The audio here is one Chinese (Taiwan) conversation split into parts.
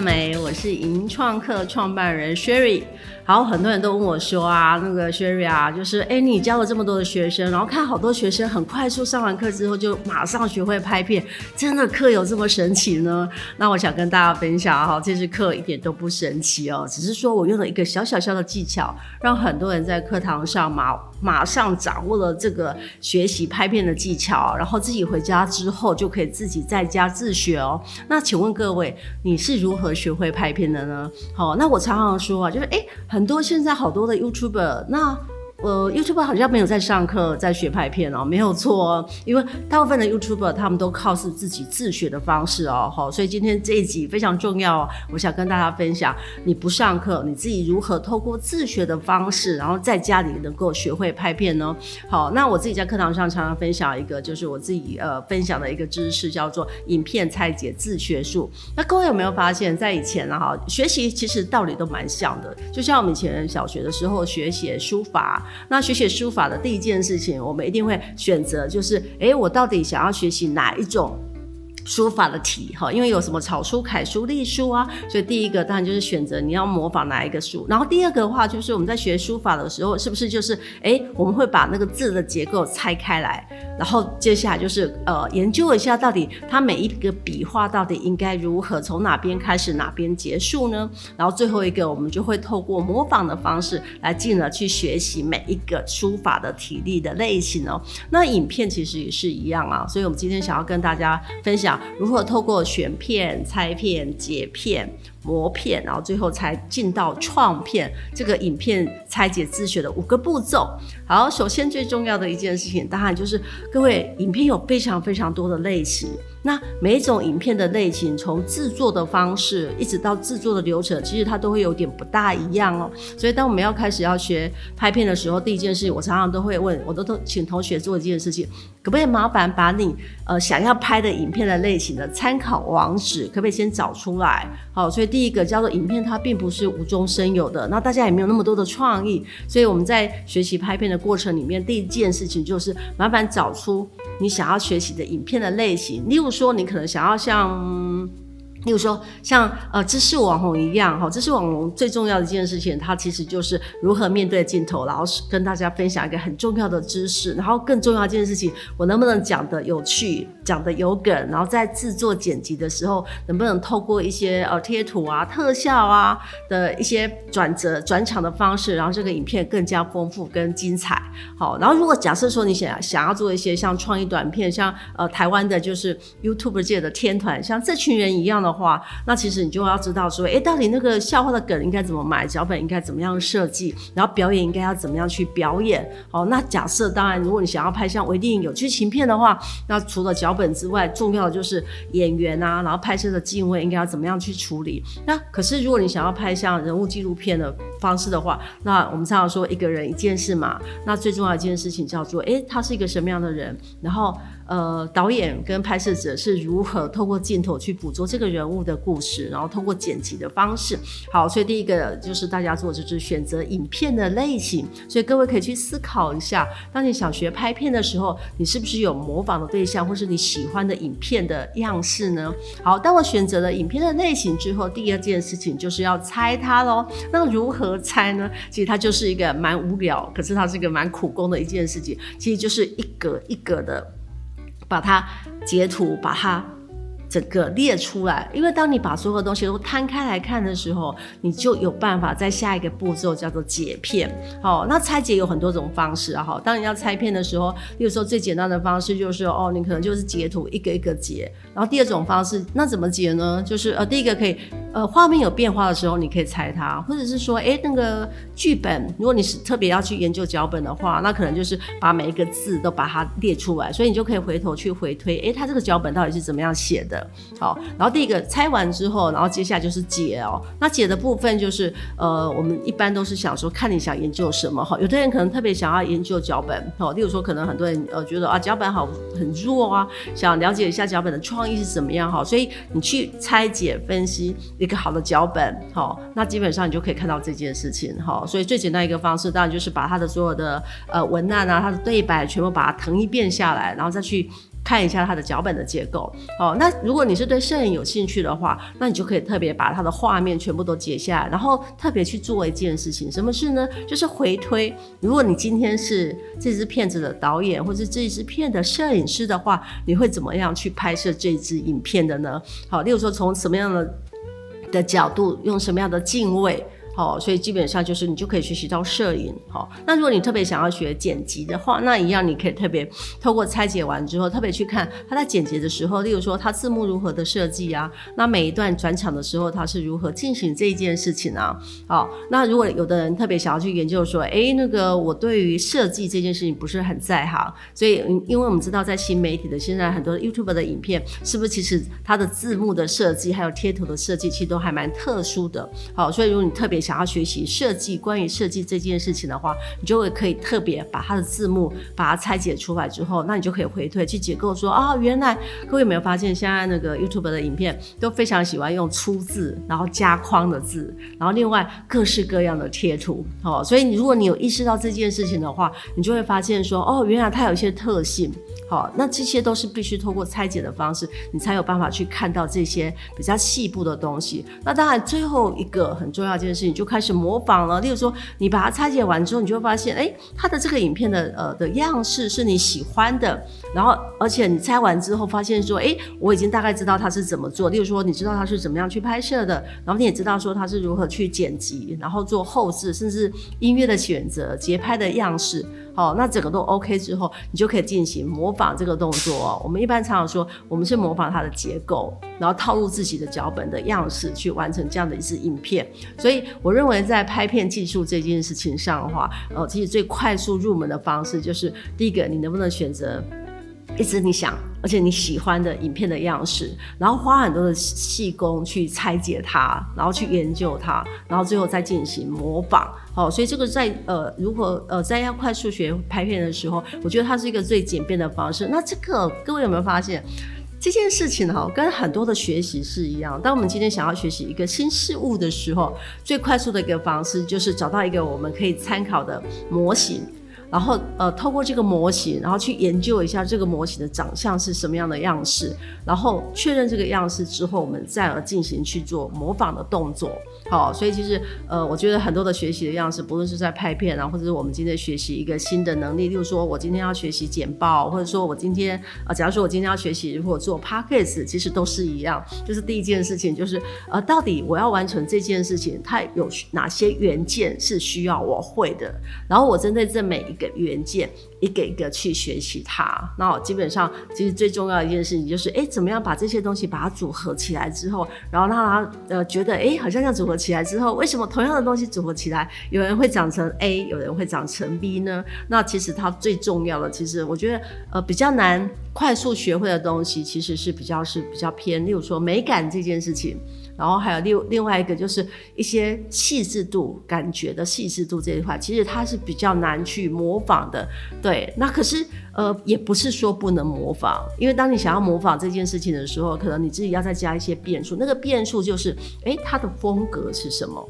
沒，我是影音創客創辦人 Shary。好，很多人都問我說啊，那個 Shary 啊，就是哎，你教了這麼多的學生，然後看好多學生很快速上完課之後就馬上學會拍片，真的課有這麼神奇呢？那我想跟大家分享哈、啊，這是課一點都不神奇哦，只是說我用了一個小小小的技巧，讓很多人在課堂上馬馬上掌握了這個學習拍片的技巧，然後自己回家之後就可以自己在家自學哦。那請問各位，你是如何？和學會拍片的呢？好、哦，那我常常說啊，就是哎、欸，很多現在好多的 YouTuber 那。呃，YouTuber 好像沒有在上課，在學拍片哦，沒有錯哦，因為大部分的 YouTuber 他們都靠是自己自學的方式哦，好，所以今天這一集非常重要哦。我想跟大家分享，你不上課，你自己如何透過自學的方式，然後在家裡能夠學會拍片呢？好，那我自己在課堂上常常分享一個，就是我自己呃分享的一個知識，叫做影片拆解自學術。那各位有沒有發現，在以前呢，哈，學習其實道理都蠻像的，就像我們以前小學的時候學寫書法。那學寫書法的第一件事情，我們一定會選擇，就是，哎、欸，我到底想要學習哪一種？書法的體哈，因為有什麼草書、楷書、隸書啊，所以第一個當然就是選擇你要模仿哪一個書。然後第二個的話，就是我們在學書法的時候，是不是就是哎，我們會把那個字的結構拆開來，然後接下來就是呃，研究一下到底它每一個筆畫到底應該如何，從哪邊開始，哪邊結束呢？然後最後一個，我們就會透過模仿的方式來進而去學習每一個書法的體例的類型哦。那影片其實也是一樣啊，所以我們今天想要跟大家分享。如何透過選片、拆片、解片、模片，然後最後才進到創片，這個影片拆解自學的五個步驟。好，首先最重要的一件事情，當然就是各位影片有非常非常多的類型，那每一種影片的類型，從製作的方式一直到製作的流程，其實它都會有點不大一樣哦。所以當我們要開始要學拍片的時候，第一件事情我常常都會問，我都都請同學做一件事情，可不可以麻煩把你呃想要拍的影片的類型的參考網址，可不可以先找出來？好，所以。第一個叫做影片。它並不是無中生有的，那大家也沒有那麼多的創意，所以我們在學習拍片的過程裡面，第一件事情就是麻煩找出你想要學習的影片的類型，例如說，你可能想要像，例如說，像呃知識網紅一樣，哈，知識網紅最重要的一件事情，它其實就是如何面對鏡頭，然後跟大家分享一個很重要的知識，然後更重要的一件事情，我能不能講的有趣，講的有梗，然後在製作剪輯的時候，能不能透過一些呃貼圖啊、特效啊的一些轉折、轉場的方式，然後這個影片更加豐富跟精彩，好，然後如果假設說你想想要做一些像創意短片，像呃台灣的就是 YouTuber 界的天團，像這群人一樣的話。話，那其實你就要知道說，誒，到底那個笑話的梗應該怎麼買？腳本應該怎麼樣設計，然後表演應該要怎麼樣去表演。好、哦，那假設當然，如果你想要拍像微電影、有劇情片的話，那除了腳本之外，重要的就是演員啊，然後拍攝的鏡位應該要怎麼樣去處理。那可是如果你想要拍像人物紀錄片的方式的話，那我們常常說一個人一件事嘛，那最重要的一件事情叫做，誒，他是一個什麼樣的人，然後。呃，導演跟拍攝者是如何透過鏡頭去捕捉這個人物的故事，然後透過剪輯的方式。好，所以第一個就是大家做的就是選擇影片的類型。所以各位可以去思考一下，當你想學拍片的時候，你是不是有模仿的對象，或是你喜歡的影片的樣式呢？好，當我選擇了影片的類型之後，第二件事情就是要拆它嘍。那如何拆呢？其實它就是一個蠻無聊，可是它是一個蠻苦工的一件事情。其實就是一格一格的。把它截圖，把它整個列出來。因為當你把所有東西都攤開來看的時候，你就有辦法在下一個步驟叫做解片。好、哦，那拆解有很多種方式哈、啊。當你要拆片的時候，有時候最簡單的方式就是哦，你可能就是截圖一個一個截。然後第二種方式，那怎麼截呢？就是呃，第一個可以。呃，畫面有變化的時候，你可以拆它，或者是說，欸，那個劇本，如果你是特別要去研究腳本的話，那可能就是把每一個字都把它列出來，所以你就可以回頭去回推，欸，它這個腳本到底是怎麼樣寫的？好，然後第一個拆完之後，然後接下來就是解哦。那解的部分就是，呃，我們一般都是想說，看你想研究什麼？哈，有的人可能特別想要研究腳本，好，例如說，可能很多人呃覺得啊，腳本好很弱啊，想了解一下腳本的創意是怎麼樣？哈，所以你去拆解分析。一個好的腳本，好，哦，那基本上你就可以看到這件事情，好，哦，所以最簡單一個方式，當然就是把它的所有的呃文案啊，它的對白全部把它謄一遍下來，然後再去看一下它的腳本的結構，好，哦，那如果你是對攝影有興趣的話，那你就可以特別把它的畫面全部都截下來，然後特別去做一件事情，什麼事呢？就是回推，如果你今天是這支片子的導演，或是這支片子的攝影師的話，你會怎麼樣去拍攝這支影片的呢？好，哦，例如說從什麼樣的的角度，用什麼樣的鏡位？好，所以基本上就是你就可以學習到攝影。好，那如果你特別想要學剪輯的話，那一樣你可以特別透過拆解完之後，特別去看他在剪輯的時候，例如說他字幕如何的設計啊，那每一段轉場的時候他是如何進行這一件事情啊。好，那如果有的人特別想要去研究說，誒、欸，那個我對於設計這件事情不是很在行，所以因為我們知道在新媒體的現在很多 YouTube 的影片，是不是其實它的字幕的設計還有貼圖的設計，其實都還蠻特殊的。好，所以如果你特別想要學習設計，關於設計這件事情的話，你就會可以特別把它的字幕把它拆解出來之後，那你就可以回退去解構說，說哦，原來各位有沒有發現，現在那個 YouTube 的影片都非常喜歡用粗字，然後加框的字，然後另外各式各樣的貼圖，哦，所以如果你有意識到這件事情的話，你就會發現說哦，原來它有一些特性。好，那這些都是必須通過拆解的方式，你才有辦法去看到這些比較細部的東西。那當然，最後一個很重要一件事，你就開始模仿了。例如說，你把它拆解完之後，你就會發現，誒、欸，它的這個影片的呃的樣式是你喜歡的。然後，而且你拆完之後發現說，誒、欸，我已經大概知道它是怎麼做。例如說，你知道它是怎麼樣去拍攝的，然後你也知道說它是如何去剪輯，然後做後製，甚至音樂的選擇、節拍的樣式。好、哦，那整個都 OK 之後，你就可以進行模仿這個動作哦。我們一般常常說，我們是模仿它的結構，然後套入自己的腳本的樣式去完成這樣的一支影片。所以，我認為在拍片技術這件事情上的話，呃，其實最快速入門的方式就是，第一個，你能不能選擇？一直你想，而且你喜歡的影片的樣式，然後花很多的細功，去拆解它，然後去研究它，然後最後再進行模仿。好、哦，所以這個在呃，如果呃，在要快速學拍片的時候，我覺得它是一個最簡便的方式。那這個各位有沒有發現，這件事情哈，跟很多的學習是一樣。當我們今天想要學習一個新事物的時候，最快速的一個方式就是找到一個我們可以參考的模型。然後呃，透過這個模型，然後去研究一下這個模型的長相是什麼樣的樣式，然後確認這個樣式之後，我們再而進行去做模仿的動作。好、哦，所以其實呃，我覺得很多的學習的樣式，不論是在拍片啊，或者是我們今天學習一個新的能力，例如說我今天要學習簡報，或者說我今天啊、呃，假如說我今天要學習如果做 Podcast，其實都是一樣，就是第一件事情就是呃，到底我要完成這件事情，它有哪些元件是需要我會的，然後我針對這每一。一個原件。一個一個去學習它，那我基本上其實最重要的一件事情就是，哎，怎麼樣把這些東西把它組合起來之後，然後讓他呃覺得，哎，好像這樣組合起來之後，為什麼同樣的東西組合起來，有人會長成 A，有人會長成 B 呢？那其實它最重要的，其實我覺得呃比較難快速學會的東西，其實是比較是比較偏，例如說美感這件事情，然後還有另另外一個就是一些細緻度感覺的細緻度這一塊，其實它是比較難去模仿的，對。那可是呃，也不是說不能模仿，因為當你想要模仿這件事情的時候，可能你自己要再加一些變數。那個變數就是，誒、欸，它的風格是什麼？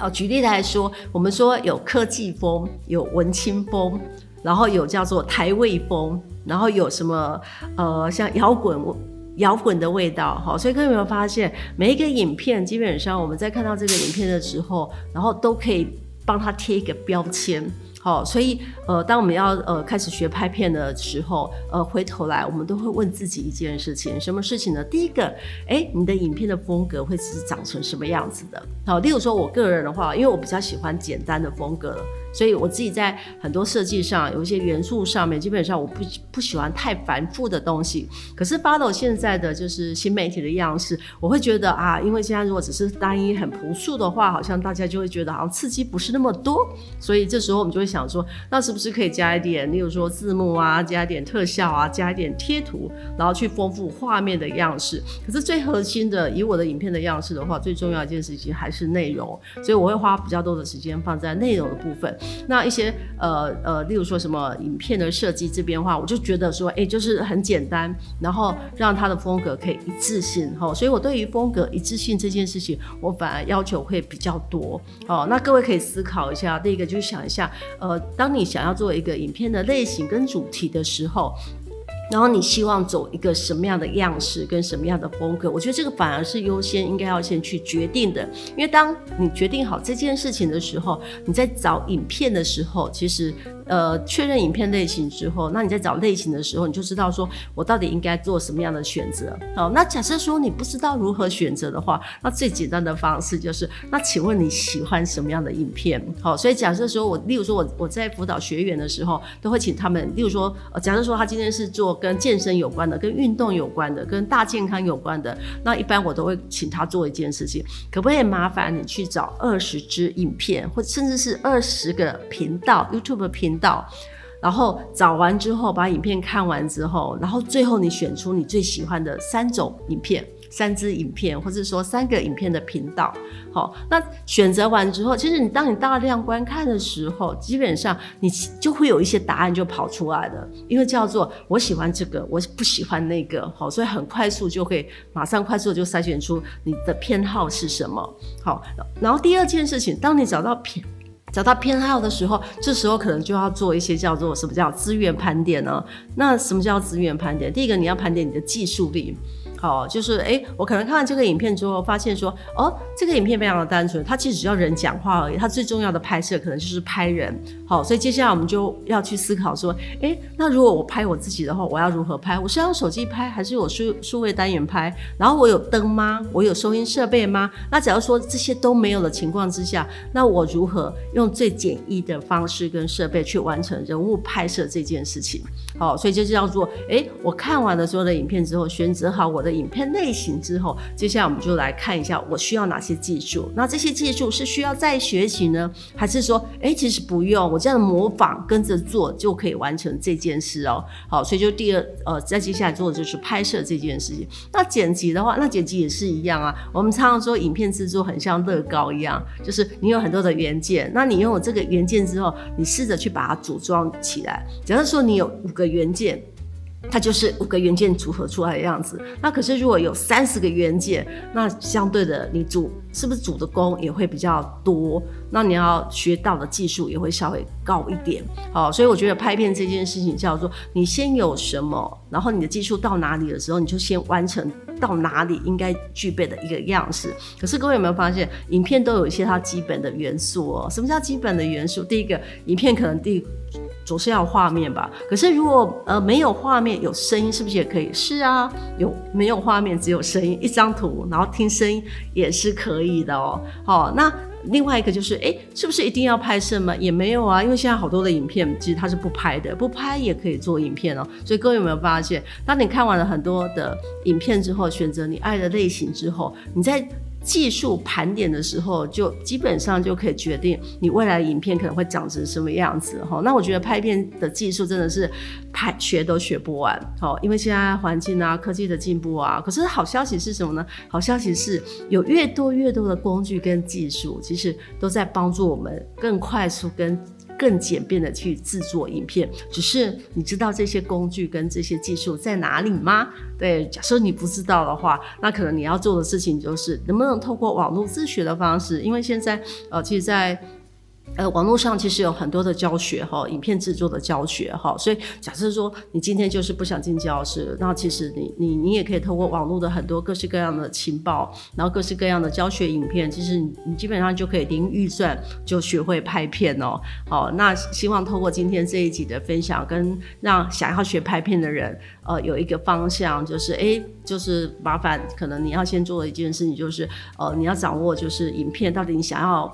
好，舉例來說，我們說有科技風，有文青風，然後有叫做台味風，然後有什麼呃，像搖滾搖滾的味道。好，所以各位有沒有發現，每一個影片基本上我們在看到這個影片的時候，然後都可以幫他貼一個標籤。好，所以呃，當我們要呃開始學拍片的時候，呃，回頭來我們都會問自己一件事情，什麼事情呢？第一個，欸，你的影片的風格會是長成什麼樣子的？好，例如說我個人的話，因為我比較喜歡簡單的風格。所以我自己在很多設計上有一些元素上面，基本上我不不喜歡太繁複的東西。可是 follow 現在的就是新媒體的樣式，我會覺得啊，因為現在如果只是單一很樸素的話，好像大家就會覺得好像刺激不是那麼多。所以這時候我們就會想說，那是不是可以加一點，例如說字幕啊，加一點特效啊，加一點貼圖，然後去豐富畫面的樣式。可是最核心的，以我的影片的樣式的話，最重要一件事情還是內容。所以我會花比較多的時間放在內容的部分。那一些呃、呃，例如說什麼影片的設計這邊的話，我就覺得說，哎、欸，就是很簡單，然後讓它的風格可以一致性哈。所以我對於風格一致性這件事情，我反而要求會比較多哦。那各位可以思考一下，第一個就是想一下，呃，當你想要做一個影片的類型跟主題的時候，然後你希望走一個什麼樣的樣式跟什麼樣的風格，我覺得這個反而是優先應該要先去決定的，因為當你決定好這件事情的時候，你在找影片的時候，其實。呃，確認影片類型之後，那你在找類型的時候，你就知道說我到底應該做什麼樣的選擇。好，那假設說你不知道如何選擇的話，那最簡單的方式就是，那請問你喜歡什麼樣的影片？好，所以假設說我，例如說我我在輔導學員的時候，都會請他們，例如說，呃，假設說他今天是做跟健身有關的、跟運動有關的、跟大健康有關的，那一般我都會請他做一件事情，可不可以麻煩你去找二十支影片，或甚至是二十個頻道 YouTube 頻道？道，然後找完之後，把影片看完之後，然後最後你選出你最喜歡的三種影片，三支影片，或者說三個影片的頻道。好，那選擇完之後，其實你當你大量觀看的時候，基本上你就會有一些答案就跑出來了，因為叫做我喜歡這個，我不喜歡那個，好，所以很快速就會馬上快速就篩選出你的偏好是什麼。好，然後第二件事情，當你找到找到偏好的時候，這時候可能就要做一些叫做什麼叫資源盤點呢？那什麼叫資源盤點？第一個，你要盤點你的技術力。好，就是哎、欸，我可能看完這個影片之後，發現說，哦，這個影片非常的單純，它其實只要人講話而已。它最重要的拍攝可能就是拍人。好，所以接下來我們就要去思考說，哎、欸，那如果我拍我自己的話，我要如何拍？我是要用手機拍，還是我數數位單眼拍？然後我有燈嗎？我有收音設備嗎？那只要說這些都沒有的情況之下，那我如何用最簡易的方式跟設備去完成人物拍攝這件事情？好，所以這就叫做，哎、欸，我看完了所有的影片之後，選擇好我的影片類型之後，接下來我們就來看一下我需要哪些技術。那這些技術是需要再學習呢，還是說，哎、欸，其實不用，我這樣模仿跟着做就可以完成這件事哦、喔。好，所以就第二呃，再接下來做的就是拍攝這件事情。那剪輯的話，那剪輯也是一樣啊。我們常常說，影片製作很像樂高一樣，就是你有很多的元件，那你擁有這個元件之後，你試着去把它組裝起來。假如說你有五個元件。它就是五個元件組合出來的樣子。那可是如果有三十個元件，那相對的你組是不是組的工也會比較多？那你要學到的技術也會稍微高一點。好，所以我覺得拍片這件事情叫做你先有什麼，然後你的技術到哪裡的時候，你就先完成到哪裡應該具備的一個樣式。可是各位有沒有發現，影片都有一些它基本的元素哦？什麼叫基本的元素？第一個，影片可能第總是要畫面吧，可是如果呃沒有畫面，有聲音是不是也可以？是啊，有沒有畫面只有聲音，一張圖，然後聽聲音也是可以的喔。好，那另外一個就是，欸，是不是一定要拍攝嗎？也沒有啊，因為現在好多的影片其實它是不拍的，不拍也可以做影片喔。所以各位有沒有發現，當你看完了很多的影片之後，選擇你愛的類型之後，你在技術盤點的時候，就基本上就可以決定你未來的影片可能會長成什麼樣子哈。那我覺得拍片的技術真的是拍學都學不完哦，因為現在環境啊、科技的進步啊。可是好消息是什麼呢？好消息是有越多越多的工具跟技術，其實都在幫助我們更快速跟。更簡便的去製作影片，只是你知道這些工具跟這些技術在哪裡嗎？對，假設你不知道的話，那可能你要做的事情就是能不能透過網絡自學的方式，因為現在呃，其實在。呃，網絡上其實有很多的教學哈、哦，影片製作的教學哈、哦，所以假設說你今天就是不想進教室，那其實你你你也可以透過網絡的很多各式各樣的情報，然後各式各樣的教學影片，其實你你基本上就可以零預算就學會拍片哦。好、哦，那希望透過今天這一集的分享，跟讓想要學拍片的人，呃，有一個方向，就是誒、欸，就是麻煩可能你要先做的一件事情就是，呃，你要掌握就是影片到底你想要。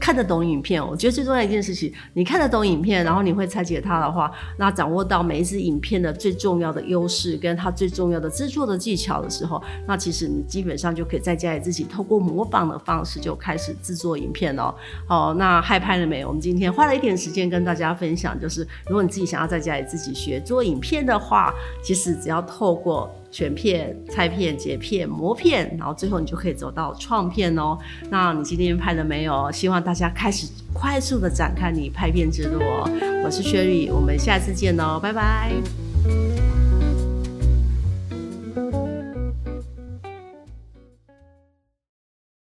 看得懂影片，我覺得最重要的一件事情，你看得懂影片，然後你會拆解它的話，那掌握到每一支影片的最重要的優勢跟它最重要的制作的技巧的時候，那其實你基本上就可以在家裡自己透過模仿的方式就開始制作影片了。好，那嗨拍了沒？我們今天花了一點時間跟大家分享，就是如果你自己想要在家裡自己學做影片的話，其實只要透過。選片、拆片、解片、模片，然後最後你就可以走到創片哦。那你今天拍了沒有？希望大家開始快速地展開你拍片之路哦。我是薛麗，我們下次見哦，拜拜。